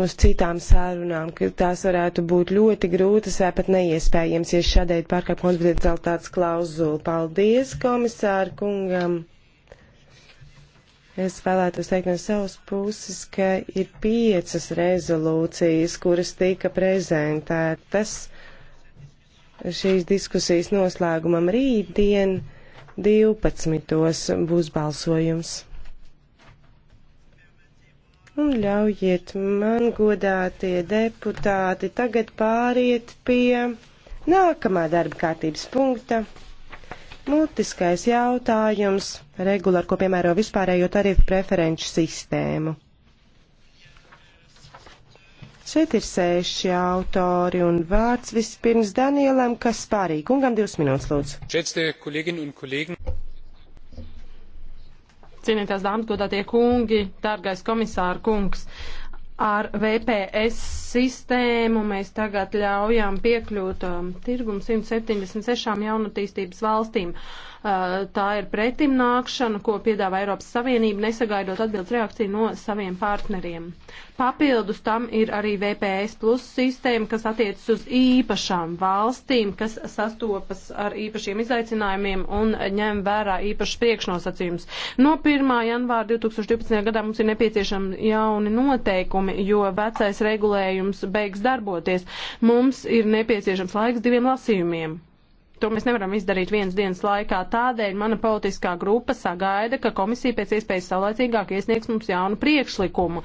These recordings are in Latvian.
uz citām sārunām, ka tās varētu būt ļoti grūtas vai pat neiespējams, ja šādēļ pārkāp konfidencialitātes klauzulu. Paldies komisāru kungam! Es vēlētos teikt no savas puses, ka ir piecas rezolūcijas, kuras tika prezentētas šīs diskusijas noslēgumam rītdien 12. būs balsojums. Un nu, ļaujiet man, godātie deputāti, tagad pāriet pie nākamā darba kārtības punkta. Mutiskais jautājums - regulāri, ko piemēro vispārējo tarifu preferenču sistēmu. Šeit ir seši autori un vārds vispirms Danielam Kaspārī. Kungam divas minūtes, lūdzu. Cienītās dāmas, godātie kungi, dārgais komisāra kungs, ar VPS sistēmu mēs tagad ļaujam piekļūt um, tirgumu 176 jaunatīstības valstīm. Uh, Eh, tā ir pretimnākšana, ko piedāvā Eiropas Savienība, nesagaidot atbildes reakciju no saviem partneriem. Papildus tam ir arī VPS plus sistēma, kas attiecas uz īpašām valstīm, kas sastopas ar īpašiem izaicinājumiem un ņem vērā īpašas priekšnosacījumus. No 1. janvāra 2012. gadā mums ir nepieciešami jauni noteikumi, jo vecais regulējums beigs darboties. Mums ir nepieciešams laiks diviem lasījumiem. To mēs nevaram izdarīt vienas dienas laikā. Tādēļ mana politiskā grupa sagaida, ka komisija pēc iespējas saulēcīgāk iesniegs mums jaunu priekšlikumu.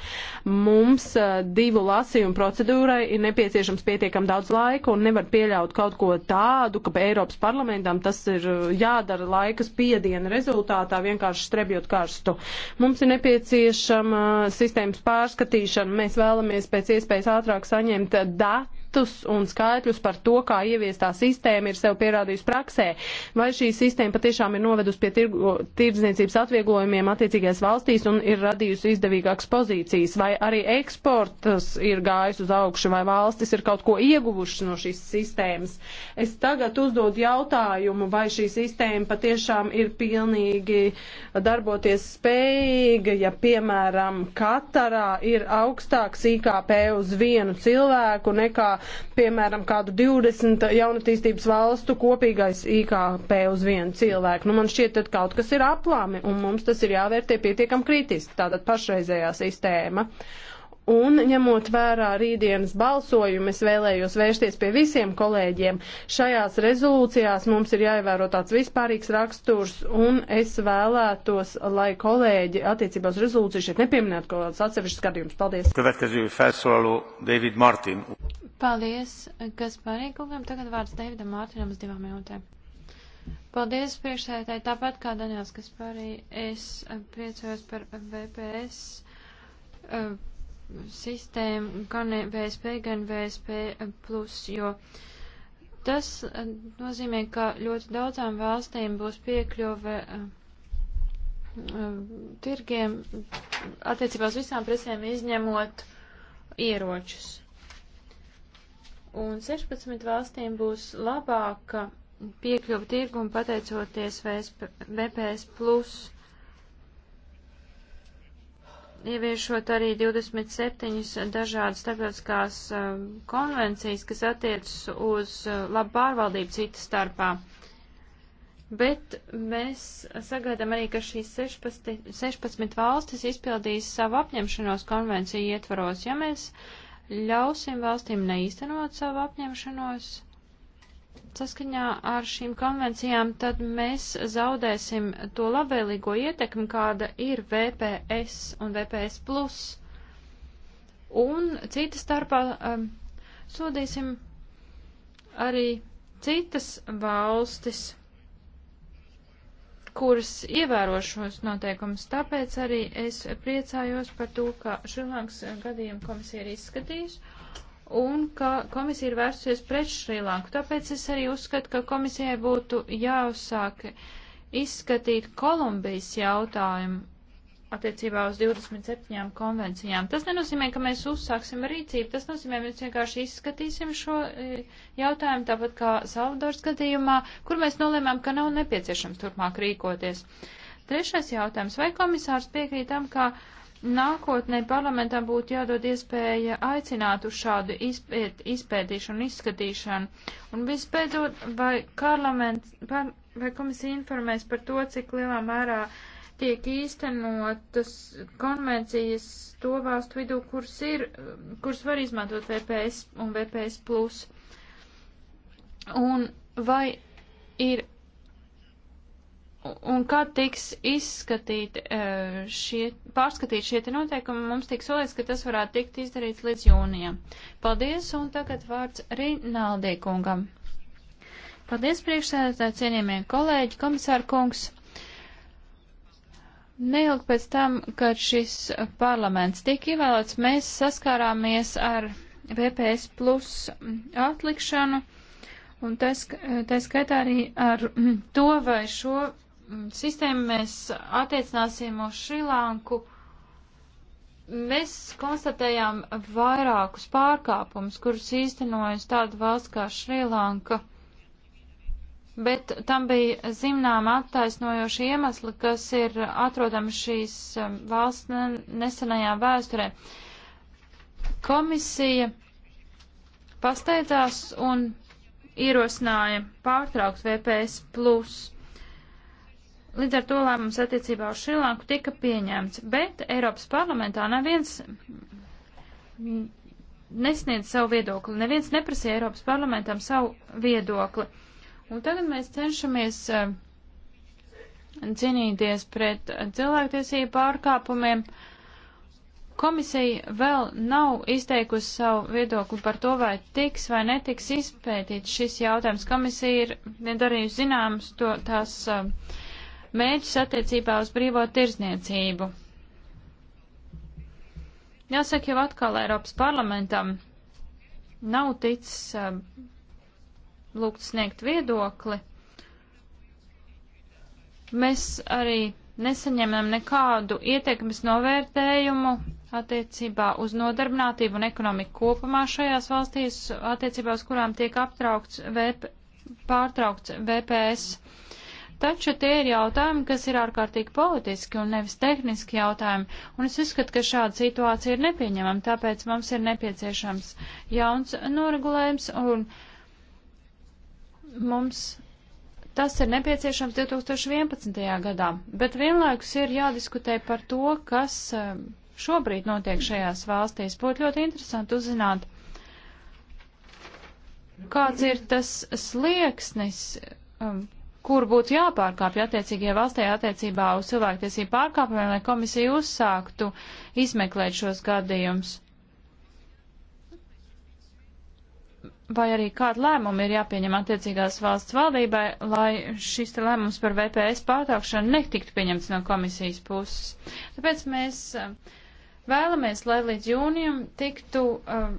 Mums uh, divu lasījumu procedūrai ir nepieciešams pietiekam daudz laika un nevar pieļaut kaut ko tādu, ka Eiropas parlamentam tas ir eh, jādara laika spiediena rezultātā, vienkārši strebjot karstu. Mums ir nepieciešama eh, sistēmas pārskatīšana. Mēs vēlamies pēc iespējas ātrāk saņemt datu datus un skaitļus par to, kā ieviestā sistēma ir sev pierādījusi praksē, vai šī sistēma patiešām ir novedusi pie tirgo, tirdzniecības atvieglojumiem attiecīgais valstīs un ir radījusi izdevīgākas pozīcijas, vai arī eksports ir gājis uz augšu, vai valstis ir kaut ko ieguvušas no šīs sistēmas. Es tagad uzdodu jautājumu, vai šī sistēma patiešām ir pilnīgi darboties spējīga, ja, piemēram, Katarā ir augstāks IKP uz vienu cilvēku nekā piemēram, kādu 20 jaunatīstības valstu kopīgais IKP uz vienu cilvēku. Nu, man šķiet, tad kaut kas ir aplāmi, un mums tas ir jāvērtē pietiekam kritiski, tātad pašreizējā sistēma. Un ņemot vērā rītdienas balsojumu, es vēlējos vērsties pie visiem kolēģiem. Šajās rezolūcijās mums ir jāievēro tāds vispārīgs raksturs, un es vēlētos, lai kolēģi attiecībā uz rezolūciju šeit nepieminētu kaut kādus atsevišķus gadījumus. Paldies! Paldies, Gasparī kungam. Tagad vārds Davidam Mārtiņam uz divām minūtēm. Paldies, priekšsēdētāji. Tāpat kā Daniels Gasparī, es priecājos par VPS. Uh, eh, sistēmu, gan VSP, gan VSP plus, jo tas eh, nozīmē, ka ļoti daudzām valstīm būs piekļuve eh, eh, tirgiem attiecībā uz visām presēm izņemot ieročus. Un 16 valstīm būs labāka piekļuva tirgumu pateicoties VSP, VPS plus ieviešot arī 27 dažādas starptautiskās eh, konvencijas, kas attiecas uz eh, labu pārvaldību citas starpā. Bet mēs sagaidām arī, ka šīs 16, 16 valstis izpildīs savu apņemšanos konvenciju ietvaros. Ja mēs ļausim valstīm neīstenot savu apņemšanos, saskaņā ar šīm konvencijām, tad mēs zaudēsim to labvēlīgo ietekmi, kāda ir VPS un VPS plus. Un citas starpā um, sodīsim arī citas valstis, kuras ievēro šos noteikumus. Tāpēc arī es priecājos par to, ka Šrilankas gadījumu komisija ir izskatījusi un ka komisija ir vērsusies pret Šrilanku. Tāpēc es arī uzskatu, ka komisijai būtu jāuzsāk izskatīt Kolumbijas jautājumu attiecībā uz 27 konvencijām. Tas nenozīmē, ka mēs uzsāksim rīcību, tas nozīmē, mēs vienkārši izskatīsim šo e, jautājumu, tāpat kā Salvadors gadījumā, kur mēs nolēmām, ka nav nepieciešams turpmāk rīkoties. Trešais jautājums. Vai komisārs piekrītam, ka uh, Nākotnē parlamentam būtu jādod iespēja aicināt uz šādu izpēt, izpētīšanu, izskatīšanu. Un vispēdot, vai, par, vai komisija informēs par to, cik lielā mērā tiek īstenotas konvencijas to valstu vidū, kuras ir, kuras var izmantot VPS un VPS. Un vai ir un kad tiks izskatīti e, šie, pārskatīt šie te noteikumi, mums tiks solīts, ka tas varētu tikt izdarīts līdz jūnijam. Paldies, un tagad vārds Rinaldī kungam. Paldies, priekšsēdētāji, cienījamie kolēģi, komisāra kungs. Neilgi pēc tam, kad šis parlaments tika ievēlēts, mēs saskārāmies ar VPS plus atlikšanu un tas, tā skaitā arī ar to, vai šo Mm, sistēmu mēs attiecināsim uz Šrilanku, mēs konstatējām vairākus pārkāpumus, kurus īstenojas tāda valsts kā Šrilanka, bet tam bija zināma attaisnojoša iemesla, kas ir atrodama šīs um, valsts nesenajā vēsturē. Komisija pasteidzās un ierosināja pārtraukt VPS plus Līdz ar to lēmums attiecībā uz Šrilanku tika pieņemts, bet Eiropas parlamentā neviens nesniedz savu viedokli, neviens neprasīja Eiropas parlamentam savu viedokli. Un tagad mēs cenšamies eh, cīnīties pret cilvēktiesību pārkāpumiem. Komisija vēl nav izteikusi savu viedokli par to, vai tiks vai netiks izpētīts šis jautājums. Komisija ir darījusi zināms to tās uh, mērķus attiecībā uz brīvo tirzniecību. Jāsaka jau atkal Eiropas parlamentam nav ticis eh, lūgt sniegt viedokli. Mēs arī nesaņemam nekādu ietekmes novērtējumu attiecībā uz nodarbinātību un ekonomiku kopumā šajās valstīs, attiecībā uz kurām tiek aptraukts VP, pārtraukts VPS. Taču tie ir jautājumi, kas ir ārkārtīgi politiski un nevis tehniski jautājumi, un es uzskatu, ka šāda situācija ir nepieņemama, tāpēc mums ir nepieciešams jauns noregulējums, un mums tas ir nepieciešams 2011. gadā. Bet vienlaikus ir jādiskutē par to, kas um, šobrīd notiek šajās valstīs. Būtu ļoti interesanti uzzināt, kāds ir tas slieksnis, um, kur būtu jāpārkāpj attiecīgajai valstī attiecībā uz cilvēktiesību pārkāpumiem, lai komisija uzsāktu izmeklēt šos gadījumus. Vai arī kādu lēmumu ir jāpieņem attiecīgās valsts valdībai, lai šis lēmums par VPS pārtraukšanu netiktu pieņemts no komisijas puses. Tāpēc mēs eh, vēlamies, lai līdz jūnijam tiktu. Uh,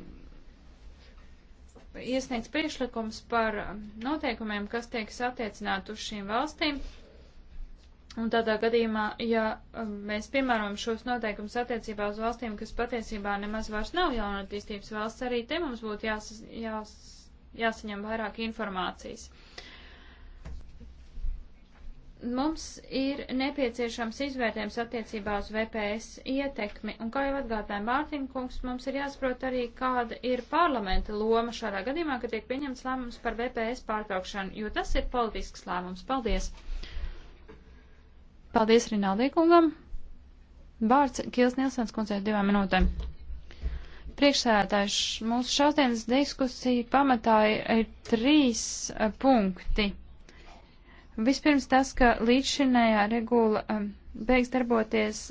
iesniegts priekšlikums par um, noteikumiem, kas tiek attiecināt uz šīm valstīm. Un tādā gadījumā, ja um, mēs piemērojam šos noteikumus attiecībā uz valstīm, kas patiesībā nemaz vairs nav jaunatīstības valsts, arī te mums būtu jās, jās, jāsaņem vairāk informācijas. Uh, Mums ir nepieciešams izvērtējums attiecībā uz VPS ietekmi, un kā jau atgādināja Mārtiņa kungs, mums ir jāsaprot arī, kāda ir parlamenta loma šādā gadījumā, kad tiek pieņemts lēmums par VPS pārtraukšanu, jo tas ir politisks lēmums. Paldies! Paldies Rinaldī kungam! Vārds Kils Nilsens kundzei divām minūtēm. Priekšsēdētājs, mūsu šodienas diskusija pamatā ir, ir trīs uh, punkti. Vispirms tas, ka līdzšinējā regula um, beigs darboties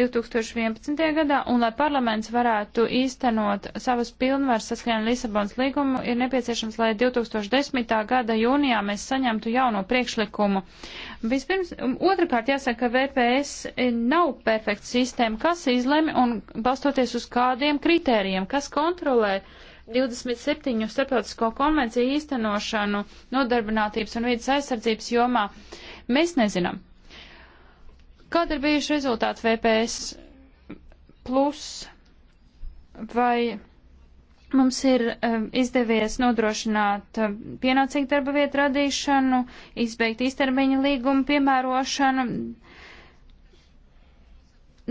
2011. Um, gadā, un lai parlaments varētu īstenot savas pilnvaras saskaņā ar Lisabons līgumu, ir nepieciešams, lai 2010. gada jūnijā mēs saņemtu jauno priekšlikumu. Vispirms, um, otrkārt jāsaka, ka VPS nav perfekta sistēma, kas izlemi un balstoties uz kādiem kritērijiem, kas kontrolē uh, 27 starptautisko konvenciju īstenošanu nodarbinātības un vidas aizsardzības jomā. Mēs nezinām. Kāda ir bijuši rezultāti VPS plus vai mums ir um, izdevies nodrošināt um, pienācīgu darba vietu radīšanu, izbeigt īstermiņa līgumu piemērošanu,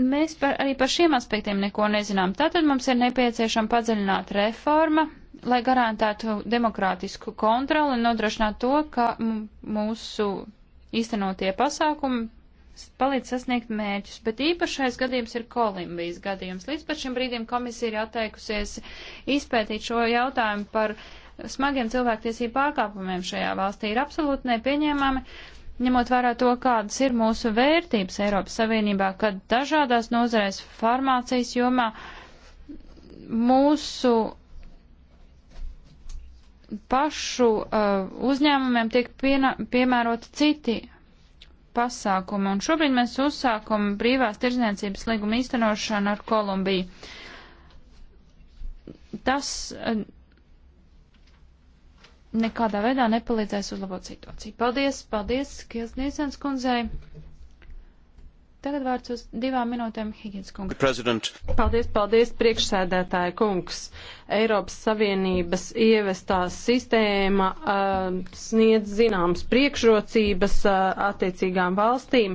mēs par, arī par šiem aspektiem neko nezinām. Tātad mums ir nepieciešama padziļināta reforma, lai garantētu demokrātisku kontroli un nodrošinātu to, ka mūsu īstenotie pasākumi palīdz sasniegt mērķus, bet īpašais gadījums ir Kolumbijas gadījums. Līdz pat šim brīdim komisija ir atteikusies izpētīt šo jautājumu par smagiem cilvēktiesību pārkāpumiem šajā valstī. Ir absolūti nepieņēmami, ņemot vērā to, kādas ir mūsu vērtības Eiropas Savienībā, kad dažādās nozarēs farmācijas jomā mūsu pašu uh, uzņēmumiem tiek piena, piemēroti citi pasākumi, un šobrīd mēs uzsākam brīvās tirzniecības līguma īstenošanu ar Kolumbiju. Tas uh, nekādā veidā nepalīdzēs uzlabot situāciju. Paldies, paldies, Kils Nīsens kundzei. Tagad vārds uz divām minūtēm Higgins kungs. President. Paldies, paldies, priekšsēdētāja kungs. Eiropas Savienības ievestā sistēma uh, sniedz zināmas priekšrocības uh, attiecīgām valstīm,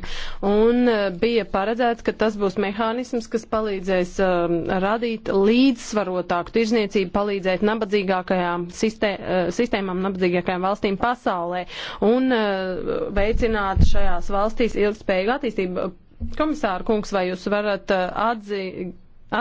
un uh, bija paredzēts, ka tas būs mehānisms, kas palīdzēs uh, radīt līdzsvarotāku tirzniecību, palīdzēt nabadzīgākajām sistē, uh, sistēmām, nabadzīgākajām valstīm pasaulē un uh, veicināt šajās valstīs ilgspējīgu attīstību. Komisāra kungs, vai jūs varat atzīt,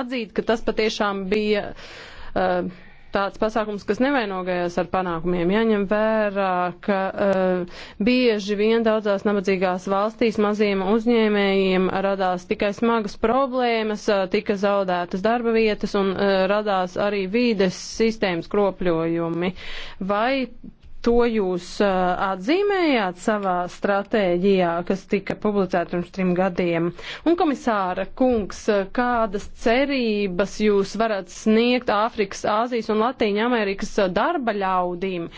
atzīt, ka tas patiešām bija uh, uh, tāds pasākums, kas nevainojās ar panākumiem. Jāņem vērā, ka uh, bieži vien daudzās nabadzīgās valstīs maziem uzņēmējiem radās tikai smagas problēmas, uh, tika zaudētas darba vietas un uh, radās arī vīdes sistēmas kropļojumi. Vai To jūs uh, atzīmējāt savā stratēģijā, kas tika publicēta pirms trim gadiem. Un komisāra kungs, kādas cerības jūs varat sniegt Āfrikas, Āzijas un Latīņa Amerikas darba ļaudīm?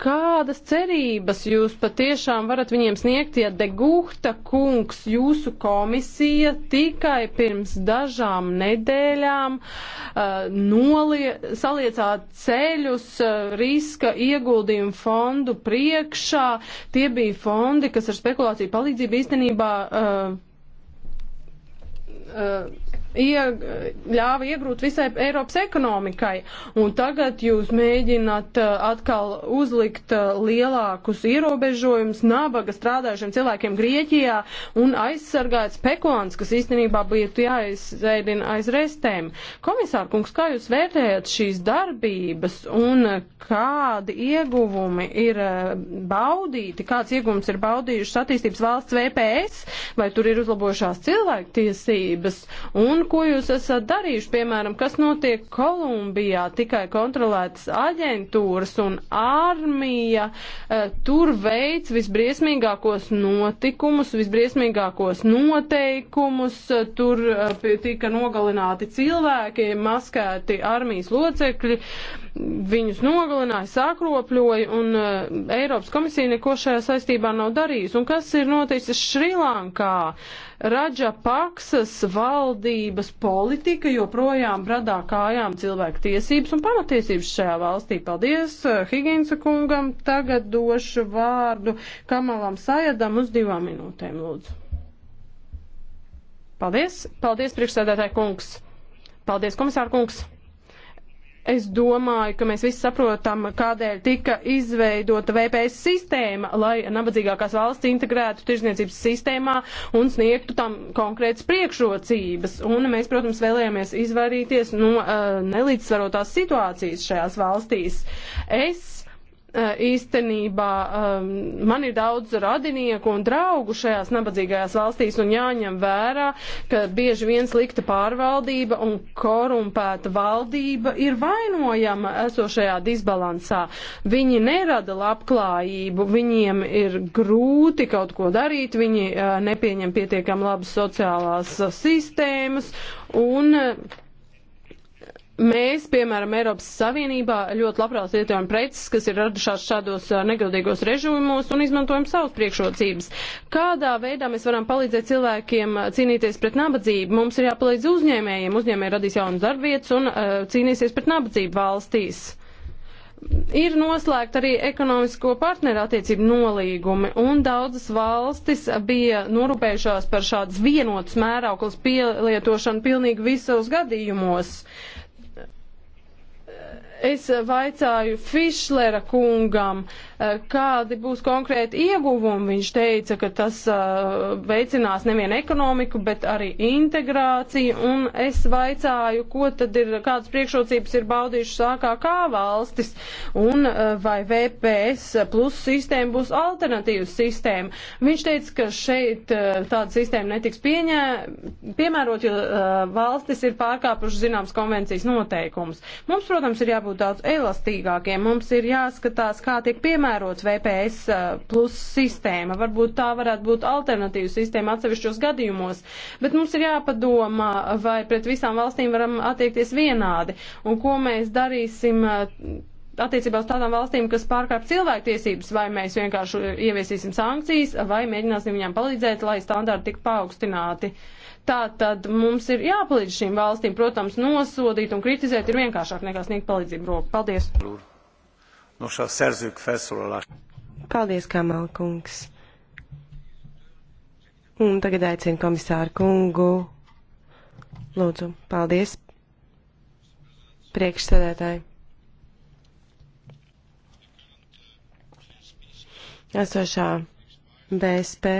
Kādas cerības jūs patiešām varat viņiem sniegt, ja de Guhta kungs jūsu komisija tikai pirms dažām nedēļām uh, nolie, saliecāt ceļus uh, riska ieguldījumu fondu priekšā? Tie bija fondi, kas ar spekulāciju palīdzību īstenībā. Uh, uh, ieg, ļāva iegūt visai Eiropas ekonomikai. Un tagad jūs mēģināt uh, atkal uzlikt uh, lielākus ierobežojumus nabaga strādājušiem cilvēkiem Grieķijā un aizsargāt spekulants, kas īstenībā būtu jāizveidina aiz restēm. Komisārkungs, kā jūs vērtējat šīs darbības un kādi ieguvumi ir uh, baudīti, kāds ieguvums ir baudījušas attīstības valsts VPS, vai tur ir uzlabojušās cilvēktiesības un Un ko jūs esat darījuši, piemēram, kas notiek Kolumbijā, tikai kontrolētas aģentūras un armija eh, tur veids visbriesmīgākos notikumus, visbriesmīgākos noteikumus, eh, tur eh, tika nogalināti cilvēki, maskēti armijas locekļi. Uh, viņus nogalināja, sākropļoja, un uh, Eiropas komisija neko šajā saistībā nav darījusi. Un kas ir noticis Šrilankā? Raģa Paksas valdības politika joprojām bradā kājām cilvēku tiesības un pamatiesības šajā valstī. Paldies uh, Higinsa kungam. Tagad došu vārdu Kamalam Sajadam uz divām minūtēm, lūdzu. Paldies. Paldies, priekšsēdētāji kungs. Paldies, komisāra kungs. Es domāju, ka mēs visi saprotam, kādēļ tika izveidota VPS sistēma, lai nabadzīgākās valsts integrētu tirzniecības sistēmā un sniegtu tam konkrētas priekšrocības. Un mēs, protams, vēlējāmies izvairīties no uh, nelīdzsvarotās situācijas šajās valstīs. Es īstenībā man ir daudz radinieku un draugu šajās nabadzīgajās valstīs un jāņem vērā, ka bieži vien slikta pārvaldība un korumpēta valdība ir vainojama esošajā disbalansā. Viņi nerada labklājību, viņiem ir grūti kaut ko darīt, viņi nepieņem pietiekam labas sociālās sistēmas un Mēs, piemēram, Eiropas Savienībā ļoti labprāt lietojam preces, kas ir radušās šādos negodīgos režīmos un izmantojam savus priekšrocības. Kādā veidā mēs varam palīdzēt cilvēkiem cīnīties pret nabadzību? Mums ir jāpalīdz uzņēmējiem. Uzņēmēji radīs jaunas darbvietas un uh, cīnīsies pret nabadzību valstīs ir noslēgta arī ekonomisko partneru attiecību nolīgumi, un daudzas valstis bija norūpējušās par šādas vienotas mērauklas pielietošanu pilnīgi visos gadījumos. Es vaicāju Fišlera kungam, eh, kādi būs konkrēti ieguvumi. Viņš teica, ka tas eh, veicinās nevienu ekonomiku, bet arī integrāciju. Un es vaicāju, ko tad ir, kādas priekšrocības ir baudījušas AKK valstis un eh, vai VPS plus sistēma būs alternatīvas sistēma. Viņš teica, ka šeit tāda sistēma netiks pieņē, piemērot, jo valstis ir pārkāpuši zināms konvencijas noteikumus. Mums, protams, ir jābūt jābūt daudz elastīgākiem. Mums ir jāskatās, kā tiek piemērots VPS eh, plus sistēma. Varbūt tā varētu būt alternatīva sistēma atsevišķos gadījumos, bet mums ir jāpadomā, vai pret visām valstīm varam attiekties vienādi un ko mēs darīsim eh, attiecībā uz tādām valstīm, kas pārkāp cilvēktiesības, vai mēs vienkārši ieviesīsim sankcijas, vai mēģināsim viņām palīdzēt, lai standarti tik paaugstināti. Tā tad mums ir jāpalīdz šīm valstīm, protams, nosodīt un kritizēt ir vienkāršāk nekā sniegt palīdzību roku. Paldies! Nos nu, a szerzők felszólalását. Paldies, Kamal kungs. Un tagad aicinu komisāru kungu. Lūdzu, paldies. Priekšsēdētāji. esošā BSP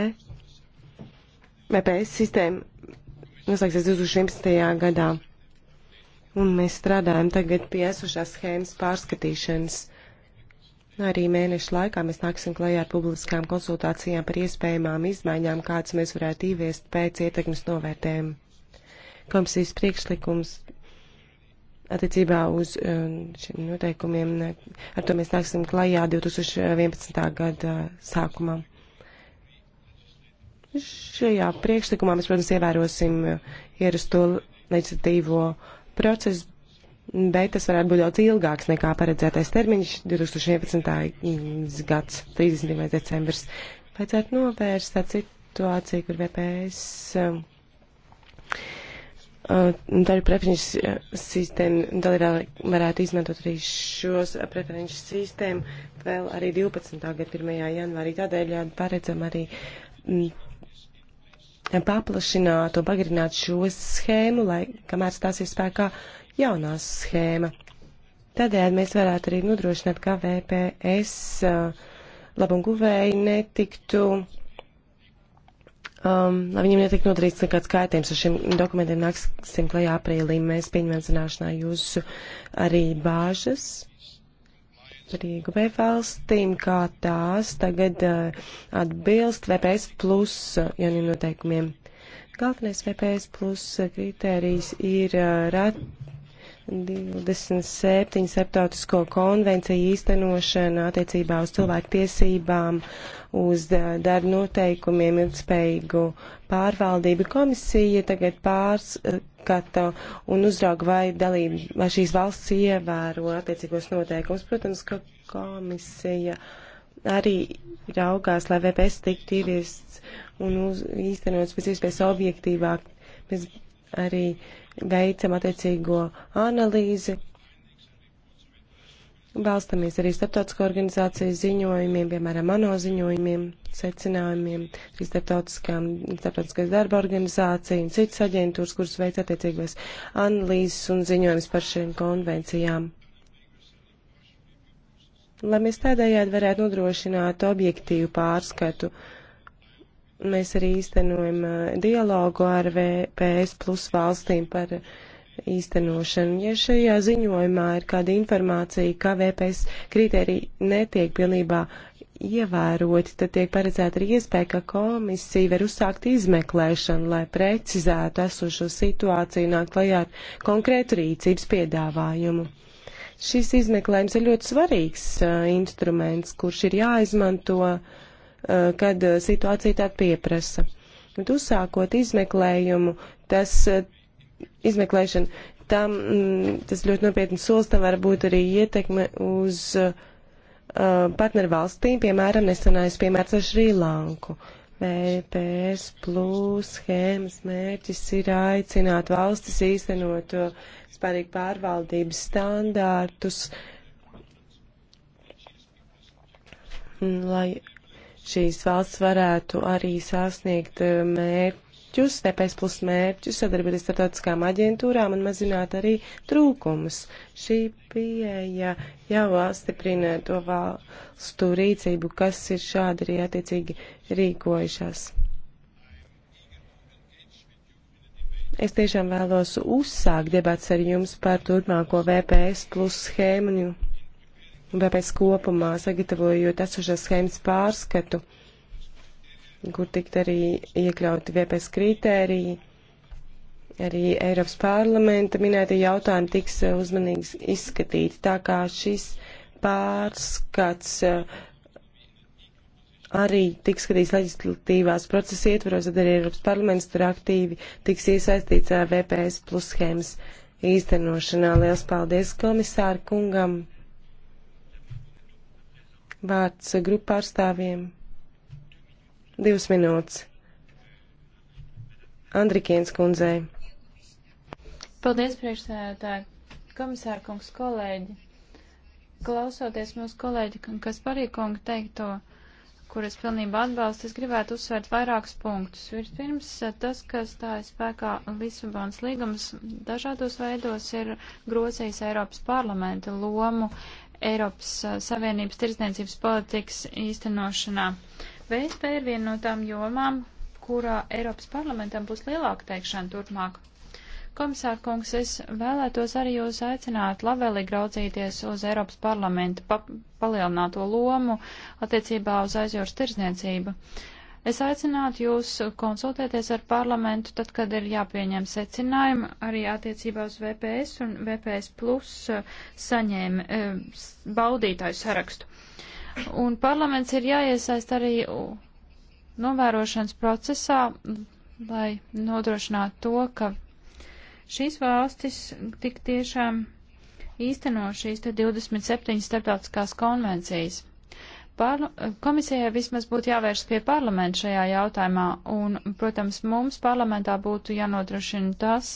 vai PS sistēma noslēgsies 2011. gadā. Un mēs strādājam tagad pie esošās schēmas pārskatīšanas. Arī mēnešu laikā mēs nāksim klajā ar publiskām konsultācijām par iespējamām izmaiņām, kādas mēs varētu ieviest pēc ietekmes novērtējuma. Komisijas priekšlikums attiecībā uz um, šiem noteikumiem. Ar to mēs nāksim klajā 2011. gada sākumā. Šajā priekšlikumā mēs, protams, ievērosim uh, ierasto leģislatīvo procesu, bet tas varētu būt daudz ilgāks nekā paredzētais termiņš 2011. gads, 31. decembris. Vajadzētu novērst tādu situāciju, kur VPS um, Uh, daļu preferenču sistēmu, dalībvalsts varētu izmantot arī šos preferenču sistēmu vēl arī 12. gada 1. janvārī. Tādēļ paredzam arī mm, paplašināt un pagarināt šo schēmu, lai kamēr stāsies spēkā jaunā schēma. Tādēļ mēs varētu arī nodrošināt, ka VPS uh, labumguvēji netiktu Um, lai viņiem netiek nodarīts nekāds kaitējums, ar šiem dokumentiem nāksim klajā aprīlī. Mēs pieņemam zināšanā jūsu arī bāžas par ieguvēju valstīm, kā tās tagad uh, atbilst VPS plus uh, jauniem noteikumiem. Galvenais VPS plus uh, kritērijs ir uh, rat 27. starptautisko konvenciju īstenošana attiecībā uz cilvēku tiesībām, uz darba noteikumiem, ilgspējīgu pārvaldību. Komisija tagad pārskata un uzrauga, vai, dalība, vai šīs valsts ievēro attiecīgos noteikumus. Protams, ka komisija arī raugās, lai VPS tiktu ieviests un uz, īstenots pēc iespējas objektīvāk. Mēs arī uh, veicam attiecīgo analīzi, balstamies arī starptautisko organizāciju ziņojumiem, piemēram, ANO ziņojumiem, secinājumiem, arī starptautiskās darba organizācija un citas aģentūras, kuras veic attiecīgās analīzes un ziņojumus par šīm konvencijām. Lai mēs tādējādi varētu nodrošināt objektīvu pārskatu Mēs arī īstenojam dialogu ar VPS plus valstīm par īstenošanu. Ja šajā ziņojumā ir kāda informācija, ka VPS kriteriji netiek pilnībā ievēroti, tad tiek paredzēta arī iespēja, ka komisija var uzsākt izmeklēšanu, lai precizētu esošo situāciju, nāk klajā ar konkrētu rīcības piedāvājumu. Šis izmeklējums ir ļoti svarīgs uh, instruments, kurš ir jāizmanto uh, Eh, kad eh, situācija tā pieprasa. Bet uzsākot izmeklējumu, tas eh, izmeklēšana, tam mm, tas ļoti nopietni solis, tam var būt arī ietekme uz uh, partneru valstīm, piemēram, nesenais piemērs ar Šrīlanku. VPS e plus schēmas mērķis ir aicināt valstis īstenot spārīgi pārvaldības standārtus, lai šīs valsts varētu arī sasniegt eh, mērķus, nepēc plus mērķus, sadarboties starptautiskām aģentūrām un mazināt arī trūkumus. Šī pieeja jau apstiprina to valstu rīcību, kas ir šādi arī attiecīgi rīkojušās. Es tiešām vēlos uzsākt debats ar jums par turpmāko VPS plus schēmu VPS kopumā, sagatavojot esošās schēmas pārskatu, kur tikt arī iekļauti VPS kritēriji. Arī Eiropas parlamenta minētie jautājumi tiks eh, uzmanīgi izskatīti, tā kā šis pārskats eh, arī tiks skatīts leģislatīvās procesa ietvaros, tad arī Eiropas parlaments tur aktīvi tiks iesaistīts eh, VPS plus schēmas īstenošanā. Liels paldies komisāru kungam! Vārds grupu pārstāvjiem. Divas minūtes. Andrikienas kundzei. Paldies, priekšsēdētāji, komisārkungs, kolēģi. Klausoties mūsu kolēģi, kas parīkunga teikto, kur es pilnībā atbalstu, es gribētu uzsvērt vairākus punktus. Vispirms, tas, kas tā ir spēkā Lisabonas līgums, dažādos veidos ir grozījis Eiropas parlamenta lomu Eiropas uh, Savienības tirdzniecības politikas īstenošanā. VSP ir viena no tām jomām, kurā Eiropas parlamentam būs lielāka teikšana turpmāk. Komisār kungs, es vēlētos arī jūs aicināt labvēlīgi raudzīties uz Eiropas parlamentu pa palielināto lomu attiecībā uz aizjūras tirdzniecību. Uh, Es aicinātu jūs konsultēties ar parlamentu, tad, kad ir jāpieņem secinājumi arī attiecībā uz VPS un VPS plus uh, saņēma e, baudītāju sarakstu. Un parlaments ir jāiesaist arī novērošanas procesā, lai nodrošinātu to, ka šīs valstis tik tiešām īsteno šīs 27 starptautiskās konvencijas. Par, komisijai vismaz būtu jāvērš pie parlamenta šajā jautājumā, un, protams, mums parlamentā būtu jānodrošina tas,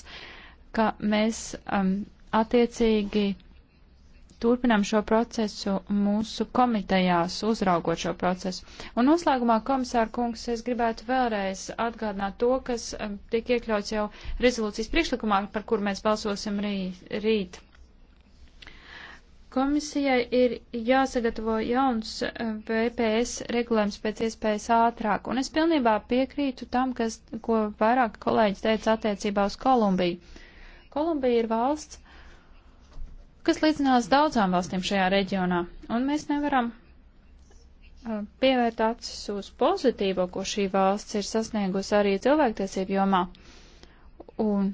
ka mēs um, attiecīgi turpinām šo procesu mūsu komitejās, uzraugot šo procesu. Un noslēgumā, komisāra kungs, es gribētu vēlreiz atgādināt to, kas um, tiek iekļauts jau rezolūcijas priekšlikumā, par kur mēs balsosim rīt. Komisijai ir jāsagatavo jauns VPS eh, regulējums pēc iespējas ātrāk, un es pilnībā piekrītu tam, kas, ko vairāk kolēģis teica attiecībā uz Kolumbiju. Kolumbija ir valsts, kas līdzinās daudzām valstīm šajā reģionā, un mēs nevaram eh, pievērt acis uz pozitīvo, ko šī valsts ir sasniegusi arī cilvēktiesību jomā. Un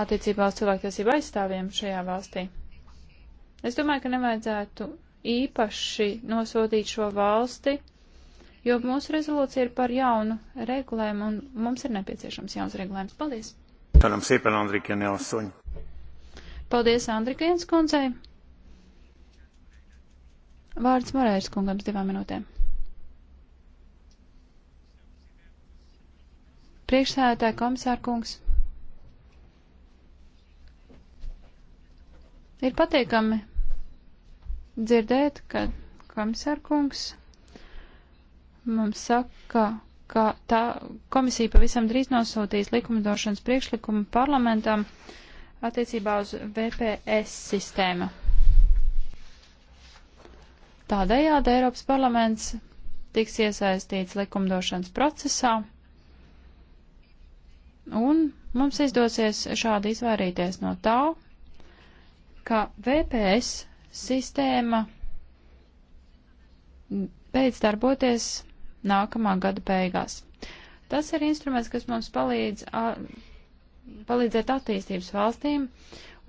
attiecībā uz cilvēktiesību aizstāvjiem šajā valstī. Es domāju, ka nevajadzētu īpaši nosodīt šo valsti, jo mūsu rezolūcija ir par jaunu regulējumu un mums ir nepieciešams jauns regulējums. Paldies! Köszönöm szépen, Andriken asszony! Paldies, Andrikēns kundzei! Vārds Morērs kungams divām minūtēm. Priekšsēdētāja komisāra kungs. Ir patīkami dzirdēt, ka komisārkungs mums saka, ka tā komisija pavisam drīz nosūtīs likumdošanas priekšlikumu parlamentam attiecībā uz VPS sistēmu. Tādējādi Eiropas parlaments tiks iesaistīts likumdošanas procesā, un mums izdosies šādi izvairīties no tā, ka VPS sistēma beidz darboties nākamā gada beigās. Tas ir instruments, kas mums palīdz, a, palīdzēt attīstības valstīm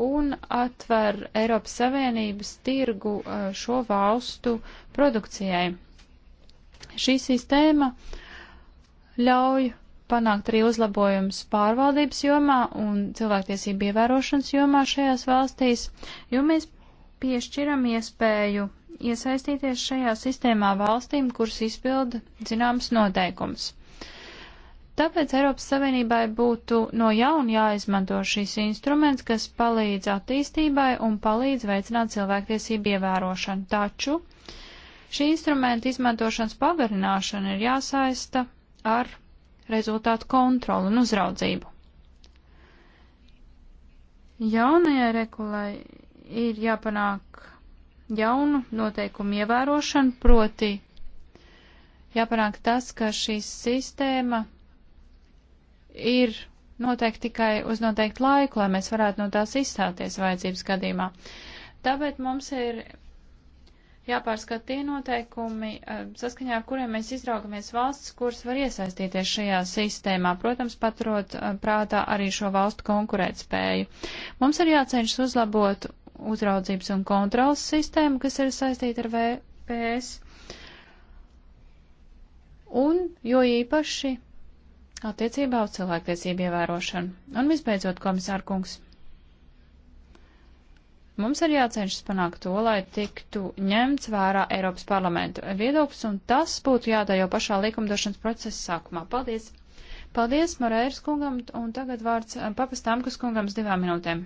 un atver Eiropas Savienības tirgu a, šo valstu produkcijai. Šī sistēma ļauj panākt arī uzlabojums pārvaldības jomā un cilvēktiesību ievērošanas jomā šajās valstīs, jo mēs piešķiram iespēju iesaistīties šajā sistēmā valstīm, kuras izpilda zināmas noteikums. Tāpēc Eiropas Savienībai būtu no jauna jāizmanto šīs instruments, kas palīdz attīstībai un palīdz veicināt cilvēktiesību ievērošanu. Taču šī instrumenta izmantošanas pagarināšana ir jāsaista ar rezultātu kontroli un uzraudzību. Jaunajai regulai ir jāpanāk jaunu noteikumu ievērošanu, proti jāpanāk tas, ka šī sistēma ir noteikti tikai uz noteiktu laiku, lai mēs varētu no tās izstāties vajadzības gadījumā. Tāpēc mums ir jāpārskata tie noteikumi, eh, saskaņā ar kuriem mēs izraugamies valsts, kuras var iesaistīties šajā sistēmā, protams, paturot eh, prātā arī šo valstu konkurētspēju. Mums ir jācenšas uzlabot uzraudzības un kontrolas sistēmu, kas ir saistīta ar VPS. Un, jo īpaši attiecībā uz cilvēktiesību ievērošanu. Un visbeidzot, komisārkungs. kungs. Mums ir jācenšas panākt to, lai tiktu ņemts vērā Eiropas parlamenta viedoklis, un tas būtu jādara jau pašā likumdošanas procesa sākumā. Paldies! Paldies Morēras kungam, un tagad vārds eh, papastām, kas kungam uz divām minūtēm.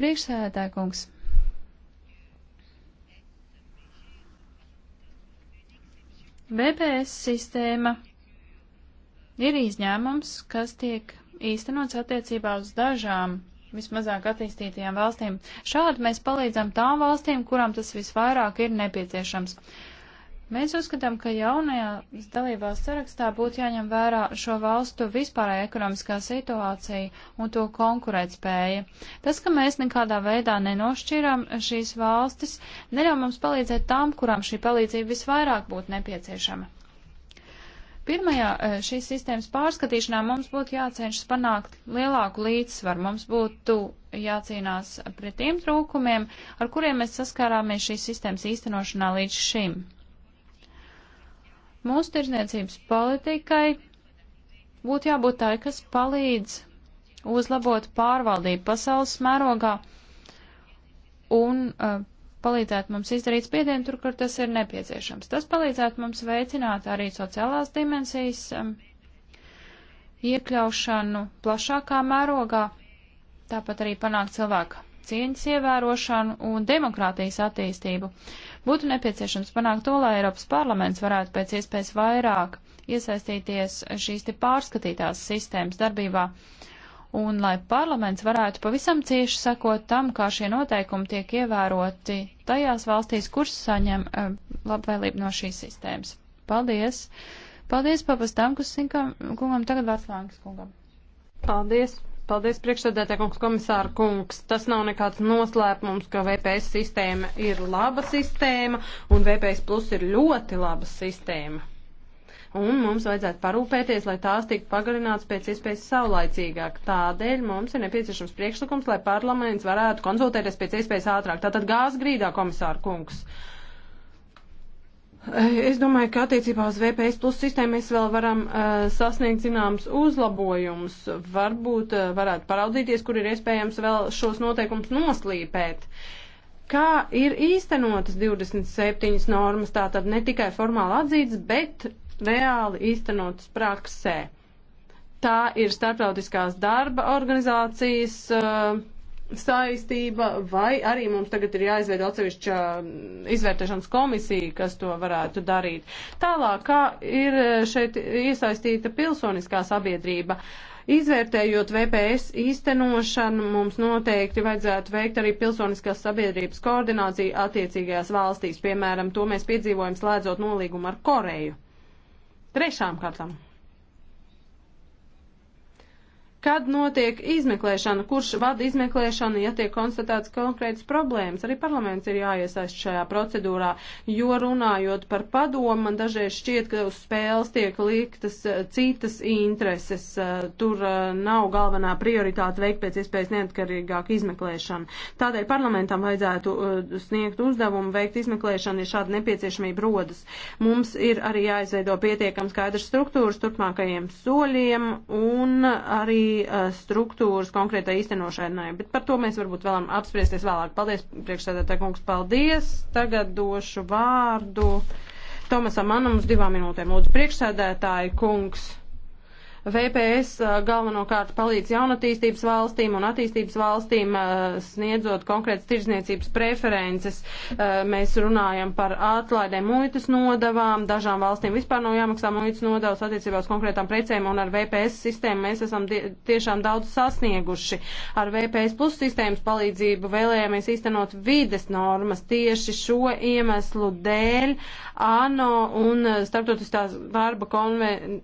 Priekšsēdētāj kungs. VPS sistēma ir izņēmums, kas tiek īstenots attiecībā uz dažām vismazāk attīstītajām valstīm. Šādi mēs palīdzam tām valstīm, kurām tas visvairāk ir nepieciešams. Mēs uzskatām, ka jaunajā dalībās sarakstā būtu jāņem vērā šo valstu vispārēja ekonomiskā situācija un to konkurētspēja. Tas, ka mēs nekādā veidā nenošķiram šīs valstis, neļauj mums palīdzēt tām, kurām šī palīdzība visvairāk būtu nepieciešama. Pirmajā e, šīs sistēmas pārskatīšanā mums būtu jācenšas panākt lielāku līdzsvaru, mums būtu jācīnās pret tiem trūkumiem, ar kuriem mēs saskārāmies šīs sistēmas īstenošanā līdz šim. Mūsu tirzniecības politikai būtu jābūt tai, kas palīdz uzlabot pārvaldību pasaules mērogā un uh, palīdzētu mums izdarīt spiedienu tur, kur tas ir nepieciešams. Tas palīdzētu mums veicināt arī sociālās dimensijas um, iekļaušanu plašākā mērogā, tāpat arī panākt cilvēku cieņas ievērošanu un demokrātijas attīstību. Būtu nepieciešams panākt to, lai Eiropas parlaments varētu pēc iespējas vairāk iesaistīties šīs te pārskatītās sistēmas darbībā. Uh, un lai parlaments varētu pavisam cieši sekot tam, kā šie noteikumi tiek ievēroti tajās valstīs, kuras saņem uh, labvēlību no šīs sistēmas. Paldies! Paldies papastam, kas kungam tagad vārds Lankas kungam. Paldies! Paldies, priekšsēdētāj, kungs, komisāra kungs. Tas nav nekāds noslēpums, ka VPS sistēma ir laba sistēma un VPS plus ir ļoti laba sistēma un mums vajadzētu parūpēties, lai tās tiktu pagarināts pēc iespējas saulaicīgāk. Tādēļ mums ir nepieciešams priekšlikums, lai parlaments varētu konsultēties pēc iespējas ātrāk. Tātad gāzes grīdā, komisāra kungs. Es domāju, ka attiecībā uz VPS plus sistēmu mēs vēl varam uh, sasniegt zināms uzlabojumus. Varbūt uh, varētu paraudzīties, kur ir iespējams vēl šos noteikumus noslīpēt. Uh, kā ir īstenotas 27 normas, tātad ne tikai formāli atzītas, bet reāli īstenotas praksē. Tā ir starptautiskās darba organizācijas uh, saistība, vai arī mums tagad ir jāizveido atsevišķa um, izvērtēšanas komisija, kas to varētu darīt. Tālāk, kā ir uh, šeit iesaistīta pilsoniskā sabiedrība. Izvērtējot VPS īstenošanu, mums noteikti vajadzētu veikt arī pilsoniskās sabiedrības koordināciju attiecīgajās valstīs. Piemēram, to mēs piedzīvojam slēdzot nolīgumu ar Koreju. Trešām kārtām. Kad notiek izmeklēšana, kurš vada izmeklēšanu, ja tiek konstatēts konkrētas problēmas, arī parlaments ir jāiesaist šajā procedūrā, jo runājot par padomu, man dažreiz šķiet, ka uz spēles tiek liktas eh, citas intereses. Eh, tur eh, nav galvenā prioritāte veikt pēc iespējas neatkarīgāku izmeklēšanu. Tādēļ parlamentam vajadzētu sniegt uzdevumu veikt izmeklēšanu, ja šāda nepieciešamība rodas. Mums ir arī jāizveido pietiekams skaidrs struktūras turpmākajiem soļiem un arī Uh, struktūras konkrētai īstenošanai, bet par to mēs varbūt vēlam apspriesties vēlāk. Paldies, priekšsēdētāji kungs, paldies. Tagad došu vārdu Tomasam Anam uz divām minūtēm. Lūdzu, priekšsēdētāji kungs. VPS uh, galvenokārt palīdz jaunatīstības valstīm un attīstības valstīm uh, sniedzot konkrētas tirzniecības preferences. Uh, mēs runājam par atlaidēm muitas nodavām, dažām valstīm vispār nav jāmaksā muitas nodavas attiecībā uz konkrētām precēm un ar VPS sistēmu mēs esam tiešām daudz sasnieguši. Ar VPS plus sistēmas palīdzību vēlējāmies īstenot vides normas tieši šo iemeslu dēļ ANO un starptautiskās darba konvencija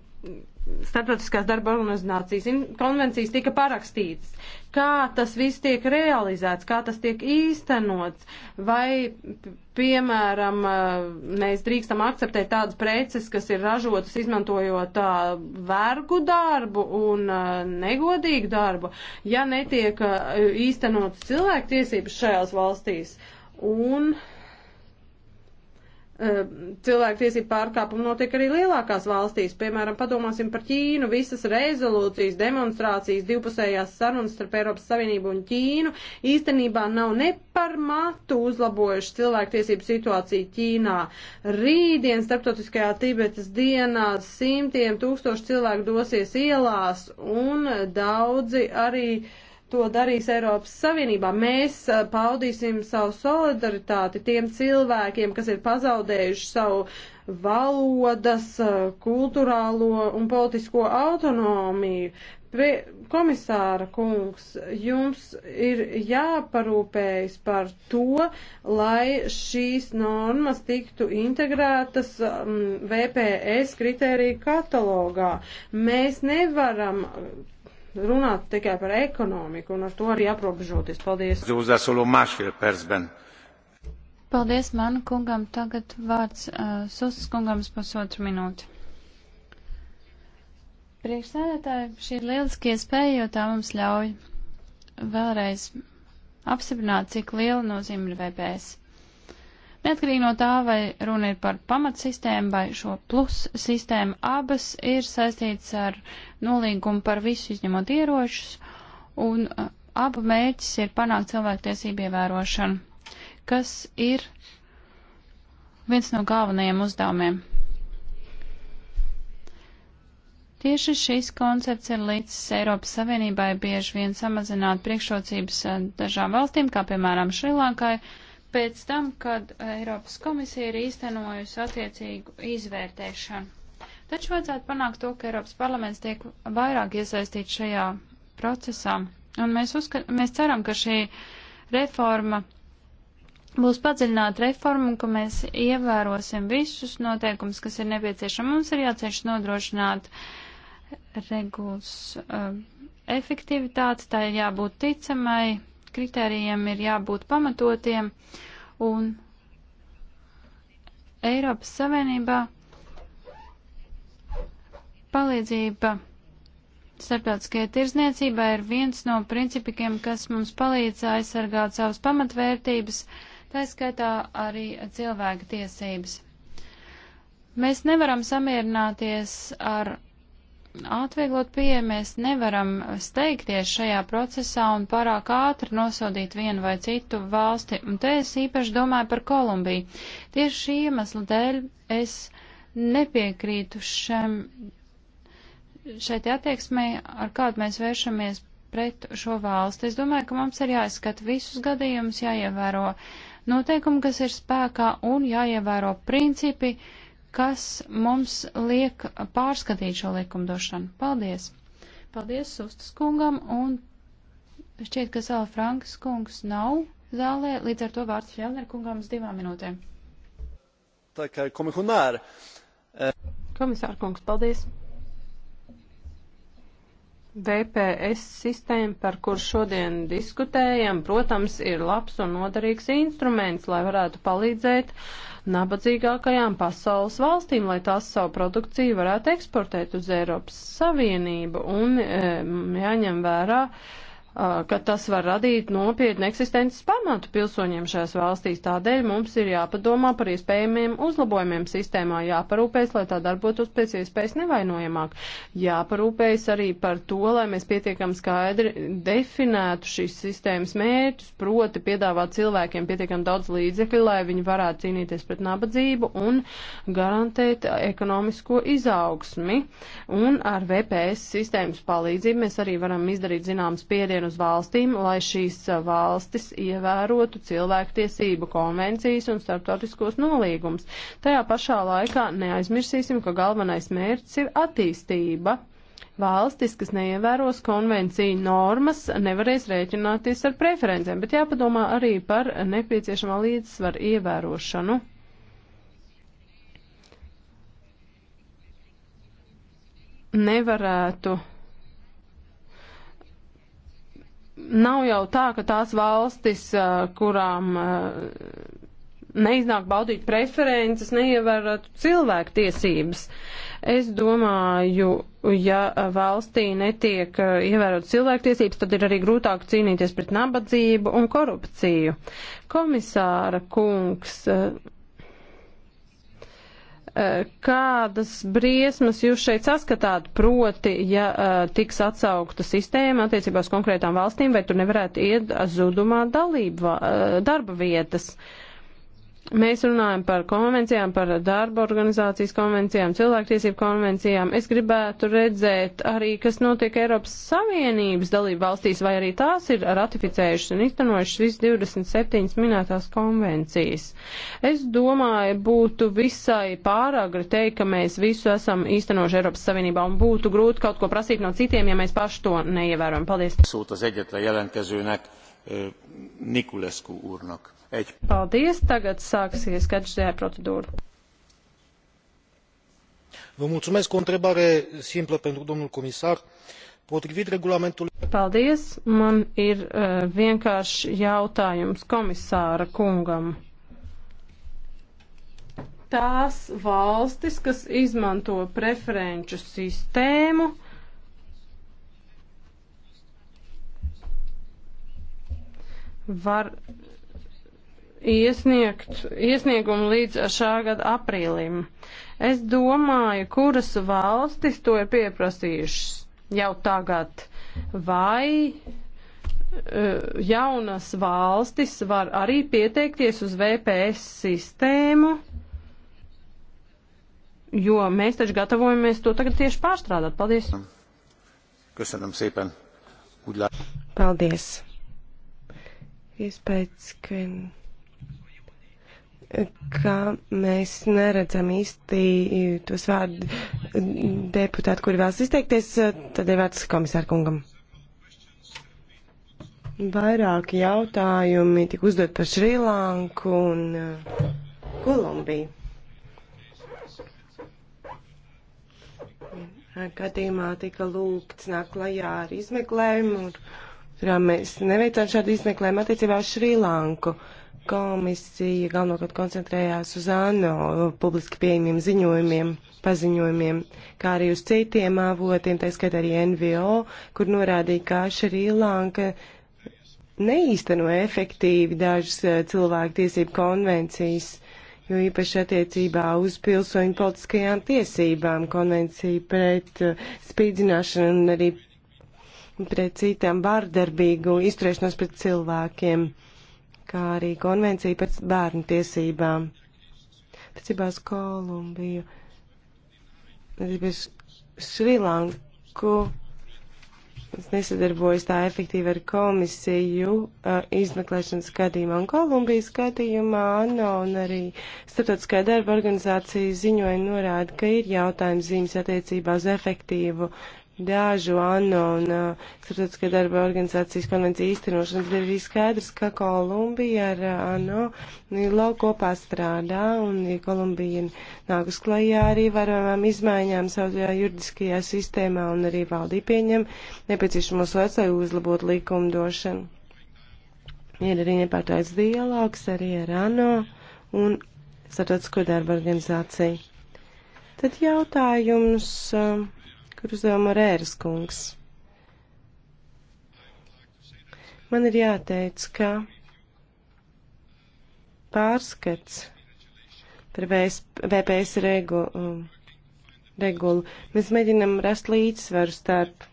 starptautiskās darba organizācijas konvencijas tika parakstītas. Kā tas viss tiek realizēts, kā tas tiek īstenots, vai, piemēram, mēs drīkstam akceptēt tādas preces, kas ir ražotas izmantojot vergu darbu un negodīgu darbu, ja netiek īstenotas cilvēktiesības šajās valstīs. Un uh, Eh, cilvēktiesību pārkāpumi notiek arī lielākās valstīs. Piemēram, padomāsim par Ķīnu. Visas rezolūcijas, demonstrācijas, divpusējās sarunas starp Eiropas Savienību un Ķīnu īstenībā nav ne par matu uzlabojuši cilvēktiesību situāciju Ķīnā. Rītdien starptautiskajā Tibetas dienā simtiem tūkstoši cilvēku dosies ielās un daudzi arī uh, to darīs Eiropas Savienībā. Mēs uh, paudīsim savu solidaritāti tiem cilvēkiem, kas ir pazaudējuši savu valodas, uh, kultūrālo un politisko autonomiju. Pie, komisāra kungs, jums ir jāparūpējas par to, lai šīs normas tiktu integrētas um, VPS kritēriju katalogā. Mēs nevaram runāt tikai par ekonomiku un ar to arī aprobežoties. Paldies. Paldies man kungam. Tagad vārds uh, Susas kungam pusotru minūti. Priekšsēdētāji, šī ir lieliski iespēja, jo tā mums ļauj vēlreiz apstiprināt, cik liela nozīme ir VPS. Neatkarīgi no tā, vai runa ir par pamatsistēmu vai šo plus sistēmu, abas ir saistītas ar nolīgumu par visu izņemot ieročus, un uh, abu mērķis ir panākt cilvēktiesību ievērošanu, kas ir viens no galvenajiem uzdevumiem. Tieši šīs koncepts ir līdzis Eiropas Savienībai bieži vien samazināt priekšrocības uh, dažām valstīm, kā piemēram Šrilankai, uh, pēc tam, kad Eiropas komisija ir īstenojusi attiecīgu izvērtēšanu. Taču vajadzētu panākt to, ka Eiropas parlaments tiek vairāk iesaistīts šajā procesā. Un mēs, uzskat, mēs ceram, ka šī reforma būs padziļināta reforma un ka mēs ievērosim visus noteikumus, kas ir nepieciešami. Mums ir jācenšas nodrošināt regulas uh, efektivitāti, tā ir jābūt ticamai, kritērijiem ir jābūt pamatotiem, un Eiropas Savienībā palīdzība starptautiskajai tirzniecībai ir viens no principikiem, kas mums palīdz aizsargāt savas pamatvērtības, tā skaitā arī cilvēka tiesības. Mēs nevaram samierināties ar atvieglot pieeja, mēs nevaram steigties šajā procesā un pārāk ātri nosodīt vienu vai citu valsti. Un te es īpaši domāju par Kolumbiju. Tieši šī iemesla dēļ es nepiekrītu šem, šai attieksmei, ar kādu mēs vēršamies pret šo valsti. Es domāju, ka mums ir jāizskata visus gadījumus, jāievēro noteikumi, kas ir spēkā un jāievēro principi, uh, kas mums liek pārskatīt šo likumdošanu. Paldies! Paldies Sustas kungam un šķiet, ka Sala Frankas kungs nav zālē, līdz ar to vārds Fjellner kungam uz divām minūtēm. Tā kā komisionāri. Komisāra kungs, paldies! VPS sistēma, par kur šodien diskutējam, protams, ir labs un noderīgs instruments, lai varētu palīdzēt nabadzīgākajām pasaules valstīm, lai tās savu produkciju varētu eksportēt uz Eiropas Savienību un e, jāņem vērā. E, ka tas var radīt nopietnu eksistences pamatu pilsoņiem šajās valstīs. Tādēļ mums ir jāpadomā par iespējamiem uzlabojumiem sistēmā, jāparūpējas, lai tā darbotos pēc iespējas nevainojamāk. Jāparūpējas arī par to, lai mēs pietiekam skaidri definētu šīs sistēmas mērķus, proti piedāvāt cilvēkiem pietiekam daudz līdzekļu, lai viņi varētu cīnīties pret nabadzību un garantēt ekonomisko izaugsmi. Un ar VPS sistēmas palīdzību mēs arī varam izdarīt zināmas piedienas spiedienu uz valstīm, lai šīs valstis ievērotu cilvēktiesību konvencijas un starptautiskos nolīgumus. Tajā pašā laikā neaizmirsīsim, ka galvenais mērķis ir attīstība. Valstis, kas neievēros konvenciju normas, nevarēs rēķināties ar preferencēm, bet jāpadomā arī par nepieciešamā līdzsvaru ievērošanu. Nevarētu nav jau tā, ka tās valstis, kurām neiznāk baudīt preferences, neievēro cilvēktiesības. Es domāju, ja valstī netiek ievērot cilvēktiesības, tad ir arī grūtāk cīnīties pret nabadzību un korupciju. Komisāra kungs. Uh, Eh, kādas briesmas jūs šeit saskatāt, proti, ja eh, tiks atsaukta sistēma attiecībā uz konkrētām valstīm, vai tur nevarētu iet zudumā dalība, eh, darba vietas? Uh, Mēs runājam par konvencijām, par darba organizācijas konvencijām, cilvēktiesību konvencijām. Es gribētu redzēt arī, kas notiek Eiropas Savienības dalību valstīs, vai arī tās ir ratificējušas un iztenojušas visas 27 minētās konvencijas. Es domāju, būtu visai pāragri teikt, ka mēs visu esam īstenojuši Eiropas Savienībā un būtu grūti kaut ko prasīt no citiem, ja mēs paši to neievērojam. Paldies. Sūta az egyetre jelentkezőnek Nikulescu úrnak Egy. Paldies, tagad sāksies gadždējā procedūra. Vă mulțumesc o întrebare simplă pentru domnul comisar. Potrivit regulamentului... Paldies, man ir uh, vienkārši jautājums komisāra kungam tās valstis, kas izmanto preferenču sistēmu, var iesniegt, iesniegumu līdz šā gada aprīlim. Es domāju, kuras valstis to ir pieprasījušas jau tagad, vai e, jaunas valstis var arī pieteikties uz VPS sistēmu, jo mēs taču gatavojamies to tagad tieši pārstrādāt. Paldies! Köszönöm szépen! Úgy lát... Paldies! Iespējams, ka ka mēs neredzam īsti e, tos vārdu e, deputāti, kuri vēlas izteikties, e, tad ir vērts komisāra kungam. Vairāki jautājumi tika uzdot par Šrilanku un Kolumbiju. Gadījumā tika lūgts nāk klajā ar izmeklējumu, kurā mēs neveicām šādu izmeklējumu attiecībā uz Šrilanku. Uh, komisija galvenokārt koncentrējās uz ANO publiski pieejamiem ziņojumiem, paziņojumiem, kā arī uz citiem avotiem, tā skaitā arī NVO, kur norādīja, ka Šrilanka neīsteno efektīvi dažas eh, cilvēku tiesību konvencijas, jo īpaši attiecībā uz pilsoņu politiskajām tiesībām, konvenciju pret eh, spīdzināšanu un arī pret citām vārdarbīgu izturēšanos pret cilvēkiem kā arī konvencija par bērnu tiesībām. Tiecībā uz Kolumbiju, tiecībā uz Šrilanku, es nesadarbojos tā efektīvi ar komisiju uh, izmeklēšanas skatījumā un Kolumbijas skatījumā, ANO un arī Startautiskā darba organizācija ziņoja norāda, ka ir jautājums zīmes attiecībā uz efektīvu dažu ANO un uh, starptautiskā darba organizācijas konvenciju īstenošanas ir arī skaidrs, ka Kolumbija ar uh, ANO lau kopā strādā un ja Kolumbija nāk uz klajā arī varamām izmaiņām savā juridiskajā sistēmā un arī valdība pieņem nepieciešamos lēts, lai uzlabotu likumdošanu. Ir arī nepārtais dialogs arī ar ANO un starptautisko darba organizāciju. Tad jautājums. Uh, kur uzdevuma Morēras kungs. Man ir jāteic, ka pārskats par VPS regu, um, regulu mēs mēģinam rast līdzsvaru starp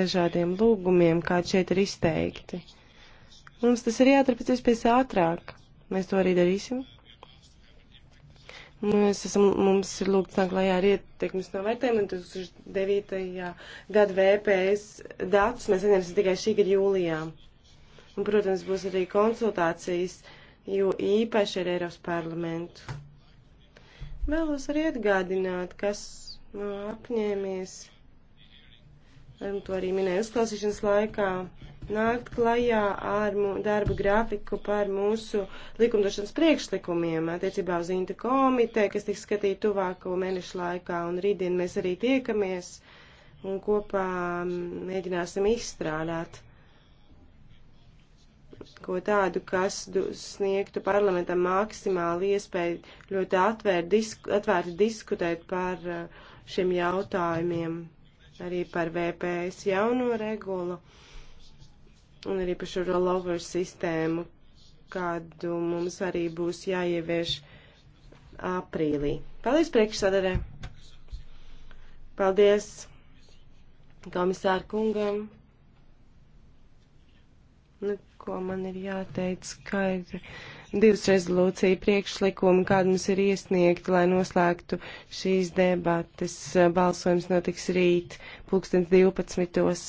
dažādiem lūgumiem, kādi šeit ir izteikti. Mums tas ir jāatrapēc vispēc ātrāk. Mēs to arī darīsim. Mēs esam, mums ir lūgts nāk lajā ar ietekmes novērtējumu, un 2009. gada VPS datus mēs saņemsim tikai šī gada jūlijā. Un, protams, būs arī konsultācijas, jo īpaši ar Eiropas parlamentu. Vēlos arī atgādināt, kas no apņēmies, un to arī minēju uzklausīšanas laikā, nākt klajā ar darba grafiku par mūsu likumdošanas priekšlikumiem attiecībā uz Inta komiteju, kas tiks skatīta tuvāko mēnešu laikā, un rītdien mēs arī tiekamies un kopā mm, mēģināsim izstrādāt ko tādu, kas sniegtu parlamentam maksimāli iespēju ļoti atvērt, disku, atvērti diskutēt par uh, šiem jautājumiem, arī par VPS jauno regulu. Uh, un arī par šo rollover sistēmu, kādu mums arī būs jāievieš aprīlī. Paldies priekšsadarē! Paldies komisāru kungam! Nu, ko man ir jāteic, ka ir divas rezolūcija priekšlikumi, kādi mums ir iesniegti, lai noslēgtu šīs debates. Balsojums notiks rīt, pulkstens 12.